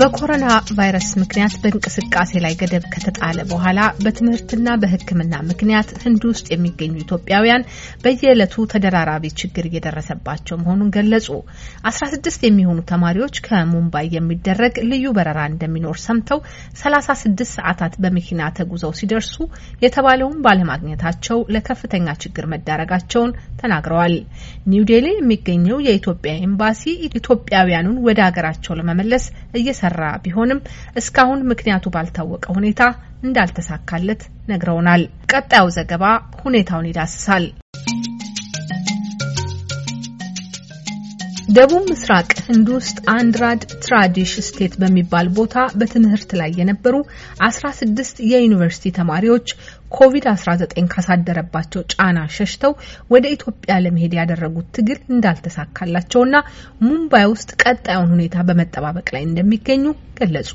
በኮሮና ቫይረስ ምክንያት በእንቅስቃሴ ላይ ገደብ ከተጣለ በኋላ በትምህርትና በሕክምና ምክንያት ህንድ ውስጥ የሚገኙ ኢትዮጵያውያን በየዕለቱ ተደራራቢ ችግር እየደረሰባቸው መሆኑን ገለጹ። አስራ ስድስት የሚሆኑ ተማሪዎች ከሙምባይ የሚደረግ ልዩ በረራ እንደሚኖር ሰምተው ሰላሳ ስድስት ሰዓታት በመኪና ተጉዘው ሲደርሱ የተባለውን ባለማግኘታቸው ለከፍተኛ ችግር መዳረጋቸውን ተናግረዋል። ኒውዴሊ የሚገኘው የኢትዮጵያ ኤምባሲ ኢትዮጵያውያኑን ወደ ሀገራቸው ለመመለስ እየሰ እየሰራ ቢሆንም እስካሁን ምክንያቱ ባልታወቀ ሁኔታ እንዳልተሳካለት ነግረውናል። ቀጣዩ ዘገባ ሁኔታውን ይዳስሳል። ደቡብ ምስራቅ ህንድ ውስጥ አንድራድ ትራዲሽ ስቴት በሚባል ቦታ በትምህርት ላይ የነበሩ 16 የዩኒቨርሲቲ ተማሪዎች ኮቪድ-19 ካሳደረባቸው ጫና ሸሽተው ወደ ኢትዮጵያ ለመሄድ ያደረጉት ትግል እንዳልተሳካላቸውና ሙምባይ ውስጥ ቀጣዩን ሁኔታ በመጠባበቅ ላይ እንደሚገኙ ገለጹ።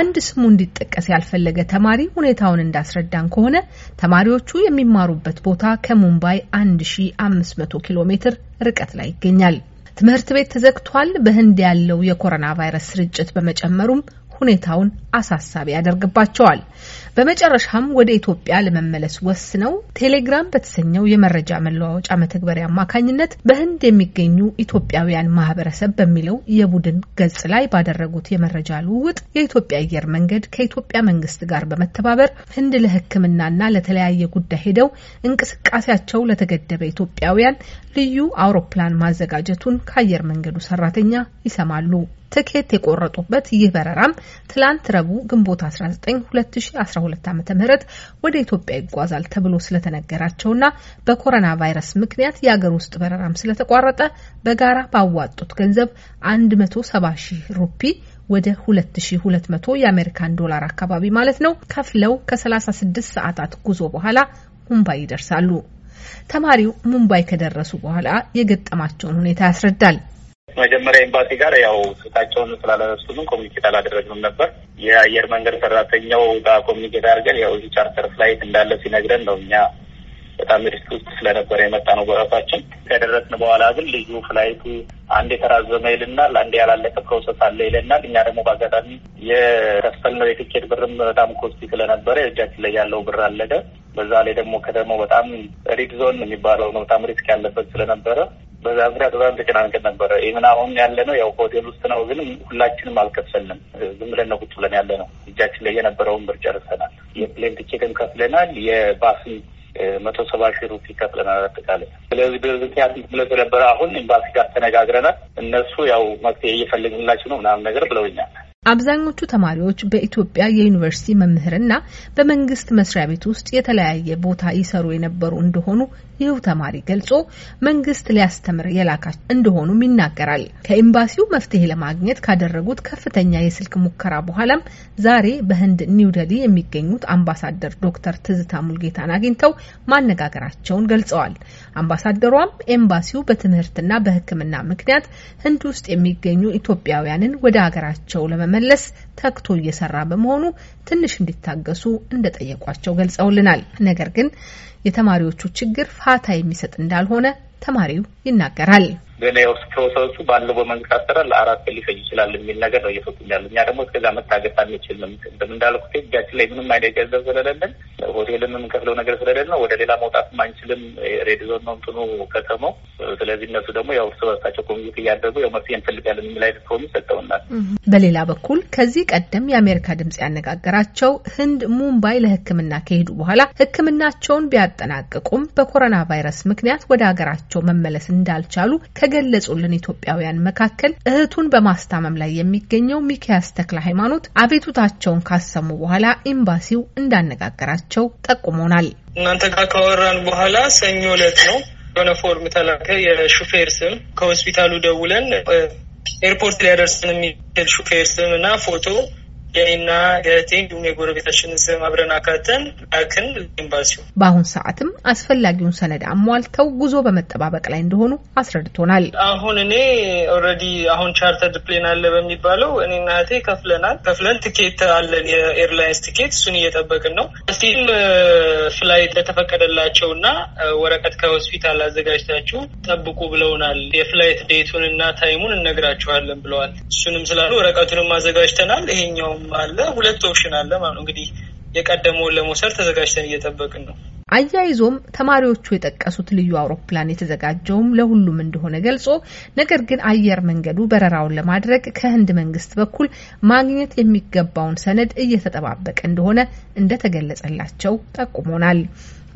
አንድ ስሙ እንዲጠቀስ ያልፈለገ ተማሪ ሁኔታውን እንዳስረዳን ከሆነ ተማሪዎቹ የሚማሩበት ቦታ ከሙምባይ 1500 ኪሎ ሜትር ርቀት ላይ ይገኛል። ትምህርት ቤት ተዘግቷል። በህንድ ያለው የኮሮና ቫይረስ ስርጭት በመጨመሩም ሁኔታውን አሳሳቢ ያደርግባቸዋል። በመጨረሻም ወደ ኢትዮጵያ ለመመለስ ወስነው ቴሌግራም በተሰኘው የመረጃ መለዋወጫ መተግበሪያ አማካኝነት በህንድ የሚገኙ ኢትዮጵያውያን ማህበረሰብ በሚለው የቡድን ገጽ ላይ ባደረጉት የመረጃ ልውውጥ የኢትዮጵያ አየር መንገድ ከኢትዮጵያ መንግስት ጋር በመተባበር ህንድ ለሕክምናና ለተለያየ ጉዳይ ሄደው እንቅስቃሴያቸው ለተገደበ ኢትዮጵያውያን ልዩ አውሮፕላን ማዘጋጀቱን ከአየር መንገዱ ሰራተኛ ይሰማሉ። ትኬት የቆረጡበት ይህ በረራም ትላንት ረቡዕ ግንቦት 19 2012 ዓ ም ወደ ኢትዮጵያ ይጓዛል ተብሎ ስለተነገራቸውና በኮሮና ቫይረስ ምክንያት የአገር ውስጥ በረራም ስለተቋረጠ በጋራ ባዋጡት ገንዘብ 170 ሺህ ሩፒ ወደ 2200 የአሜሪካን ዶላር አካባቢ ማለት ነው ከፍለው ከ36 ሰዓታት ጉዞ በኋላ ሙምባይ ይደርሳሉ። ተማሪው ሙምባይ ከደረሱ በኋላ የገጠማቸውን ሁኔታ ያስረዳል። መጀመሪያ ኤምባሲ ጋር ያው ስታቸውን ስላለነሱንም ኮሚኒኬት አላደረግንም ነበር። የአየር መንገድ ሰራተኛው ጋር ኮሚኒኬት አድርገን ያው ቻርተር ፍላይት እንዳለ ሲነግረን ነው እኛ በጣም ሪስክ ውስጥ ስለነበረ የመጣ ነው በራሳችን። ከደረስን በኋላ ግን ልዩ ፍላይቱ አንድ የተራዘመ ይልናል፣ አንድ ያላለቀ ፕሮሰስ አለ ይለናል። እኛ ደግሞ በአጋጣሚ የከፈልነው የትኬት ብርም በጣም ኮስቲ ስለነበረ እጃችን ላይ ያለው ብር አለቀ። በዛ ላይ ደግሞ ከደግሞ በጣም ሪድ ዞን የሚባለው ነው በጣም ሪስክ ያለበት ስለነበረ በዛ ዙሪያ በጣም ተጨናንቀን ነበረ። ይህምን አሁን ያለ ነው ያው ሆቴል ውስጥ ነው፣ ግን ሁላችንም አልከፈልንም። ዝም ብለን ነው ቁጭ ብለን ያለ ነው። እጃችን ላይ የነበረውን ብር ጨርሰናል። የፕሌን ቲኬትም ከፍለናል። የባስን መቶ ሰባ ሺህ ሩፒ ከፍለናል አጠቃላይ። ስለዚህ ብርዝንቲያት ስለነበረ አሁን ኤምባሲ ጋር ተነጋግረናል። እነሱ ያው መፍትሄ እየፈለግንላችሁ ነው ምናምን ነገር ብለውኛል። አብዛኞቹ ተማሪዎች በኢትዮጵያ የዩኒቨርሲቲ መምህርና በመንግስት መስሪያ ቤት ውስጥ የተለያየ ቦታ ይሰሩ የነበሩ እንደሆኑ ይህ ተማሪ ገልጾ መንግስት ሊያስተምር የላካቸ እንደሆኑም ይናገራል። ከኤምባሲው መፍትሄ ለማግኘት ካደረጉት ከፍተኛ የስልክ ሙከራ በኋላም ዛሬ በህንድ ኒውደሊ የሚገኙት አምባሳደር ዶክተር ትዝታ ሙልጌታን አግኝተው ማነጋገራቸውን ገልጸዋል። አምባሳደሯም ኤምባሲው በትምህርትና በሕክምና ምክንያት ህንድ ውስጥ የሚገኙ ኢትዮጵያውያንን ወደ ሀገራቸው ለመመለስ ተግቶ እየሰራ በመሆኑ ትንሽ እንዲታገሱ እንደጠየቋቸው ገልጸውልናል። ነገር ግን የተማሪዎቹ ችግር ፋታ የሚሰጥ እንዳልሆነ ተማሪው ይናገራል። ገና የውስጥ ፕሮሰሱ ባለው በመንግስት አሰራር ለአራት ቀን ሊፈጅ ይችላል የሚል ነገር ነው እየፈቱን ያሉ። እኛ ደግሞ እስከዛ መታገስ አንችልም። እንደምንዳልኩት እጃችን ላይ ምንም አይነት ገንዘብ ስለሌለን፣ ሆቴልም የምንከፍለው ነገር ስለሌለ ነው ወደ ሌላ መውጣትም አንችልም። ሬድ ነው እንትኑ ከተማው። ስለዚህ እነሱ ደግሞ ያው እርስ በርሳቸው ኮሚኒቲ እያደረጉ ያው መፍትሄ እንፈልጋለን የሚል አይነት ፕሮሚስ ሰጠውናል። በሌላ በኩል ከዚህ ቀደም የአሜሪካ ድምጽ ያነጋገራቸው ህንድ ሙምባይ ለህክምና ከሄዱ በኋላ ህክምናቸውን ቢያጠናቅቁም በኮሮና ቫይረስ ምክንያት ወደ ሀገራቸው መመለስ እንዳልቻሉ ከገለጹልን ኢትዮጵያውያን መካከል እህቱን በማስታመም ላይ የሚገኘው ሚኪያስ ተክለ ሃይማኖት አቤቱታቸውን ካሰሙ በኋላ ኤምባሲው እንዳነጋገራቸው ጠቁሞናል። እናንተ ጋር ካወራን በኋላ ሰኞ ዕለት ነው የሆነ ፎርም ተላከ። የሹፌር ስም ከሆስፒታሉ ደውለን ኤርፖርት ሊያደርስን የሚችል ሹፌር ስም እና ፎቶ የኔና የእህቴ እንዲሁም የጎረቤታችንን ስም አብረን አካተን ላክን ኤምባሲው። በአሁን ሰዓትም አስፈላጊውን ሰነድ አሟልተው ጉዞ በመጠባበቅ ላይ እንደሆኑ አስረድቶናል። አሁን እኔ ኦልሬዲ አሁን ቻርተርድ ፕሌን አለ በሚባለው እኔና እህቴ ከፍለናል። ከፍለን ትኬት አለን፣ የኤርላይንስ ትኬት እሱን እየጠበቅን ነው። እስቲም ፍላይት ለተፈቀደላቸው እና ወረቀት ከሆስፒታል አዘጋጅታችሁ ጠብቁ ብለውናል። የፍላይት ዴቱን እና ታይሙን እነግራችኋለን ብለዋል። እሱንም ስላሉ ወረቀቱንም አዘጋጅተናል። ይሄኛው የሚለውም አለ። ሁለት ኦፕሽን አለ ማለት እንግዲህ የቀደመውን ለመውሰድ ተዘጋጅተን እየጠበቅን ነው። አያይዞም ተማሪዎቹ የጠቀሱት ልዩ አውሮፕላን የተዘጋጀውም ለሁሉም እንደሆነ ገልጾ ነገር ግን አየር መንገዱ በረራውን ለማድረግ ከህንድ መንግስት በኩል ማግኘት የሚገባውን ሰነድ እየተጠባበቀ እንደሆነ እንደተገለጸላቸው ጠቁሞናል።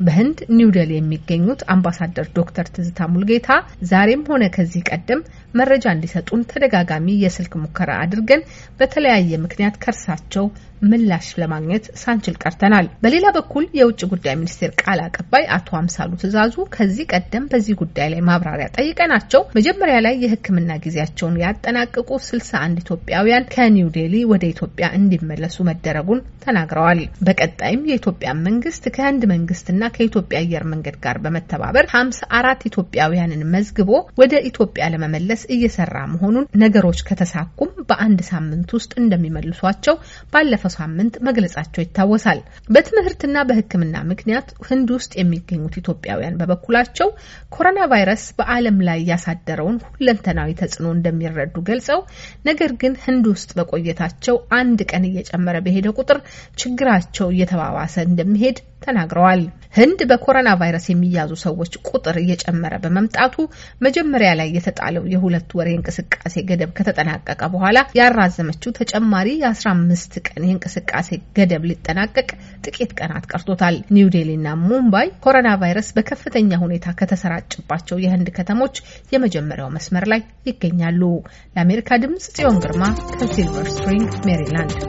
በህንድ ኒውደል የሚገኙት አምባሳደር ዶክተር ትዝታ ሙልጌታ ዛሬም ሆነ ከዚህ ቀደም መረጃ እንዲሰጡን ተደጋጋሚ የስልክ ሙከራ አድርገን በተለያየ ምክንያት ከእርሳቸው ምላሽ ለማግኘት ሳንችል ቀርተናል። በሌላ በኩል የውጭ ጉዳይ ሚኒስቴር ቃል አቀባይ አቶ አምሳሉ ትእዛዙ ከዚህ ቀደም በዚህ ጉዳይ ላይ ማብራሪያ ጠይቀናቸው መጀመሪያ ላይ የሕክምና ጊዜያቸውን ያጠናቀቁ 61 ኢትዮጵያውያን ከኒው ዴሊ ወደ ኢትዮጵያ እንዲመለሱ መደረጉን ተናግረዋል። በቀጣይም የኢትዮጵያ መንግስት ከህንድ መንግስትና ከኢትዮጵያ አየር መንገድ ጋር በመተባበር ሀምሳ አራት ኢትዮጵያውያንን መዝግቦ ወደ ኢትዮጵያ ለመመለስ እየሰራ መሆኑን ነገሮች ከተሳኩም በአንድ ሳምንት ውስጥ እንደሚመልሷቸው ባለፈው ሳምንት መግለጻቸው ይታወሳል። በትምህርትና በሕክምና ምክንያት ህንድ ውስጥ የሚገኙት ኢትዮጵያውያን በበኩላቸው ኮሮና ቫይረስ በዓለም ላይ ያሳደረውን ሁለንተናዊ ተጽዕኖ እንደሚረዱ ገልጸው ነገር ግን ህንድ ውስጥ በቆየታቸው አንድ ቀን እየጨመረ በሄደ ቁጥር ችግራቸው እየተባባሰ እንደሚሄድ ተናግረዋል። ህንድ በኮሮና ቫይረስ የሚያዙ ሰዎች ቁጥር እየጨመረ በመምጣቱ መጀመሪያ ላይ የተጣለው የሁለት ወር የእንቅስቃሴ ገደብ ከተጠናቀቀ በኋላ ያራዘመችው ተጨማሪ የ15 ቀን የእንቅስቃሴ ገደብ ሊጠናቀቅ ጥቂት ቀናት ቀርቶታል። ኒውዴሊና ሙምባይ ኮሮና ቫይረስ በከፍተኛ ሁኔታ ከተሰራጭባቸው የህንድ ከተሞች የመጀመሪያው መስመር ላይ ይገኛሉ። ለአሜሪካ ድምጽ ጽዮን ግርማ ከሲልቨር ስፕሪንግ ሜሪላንድ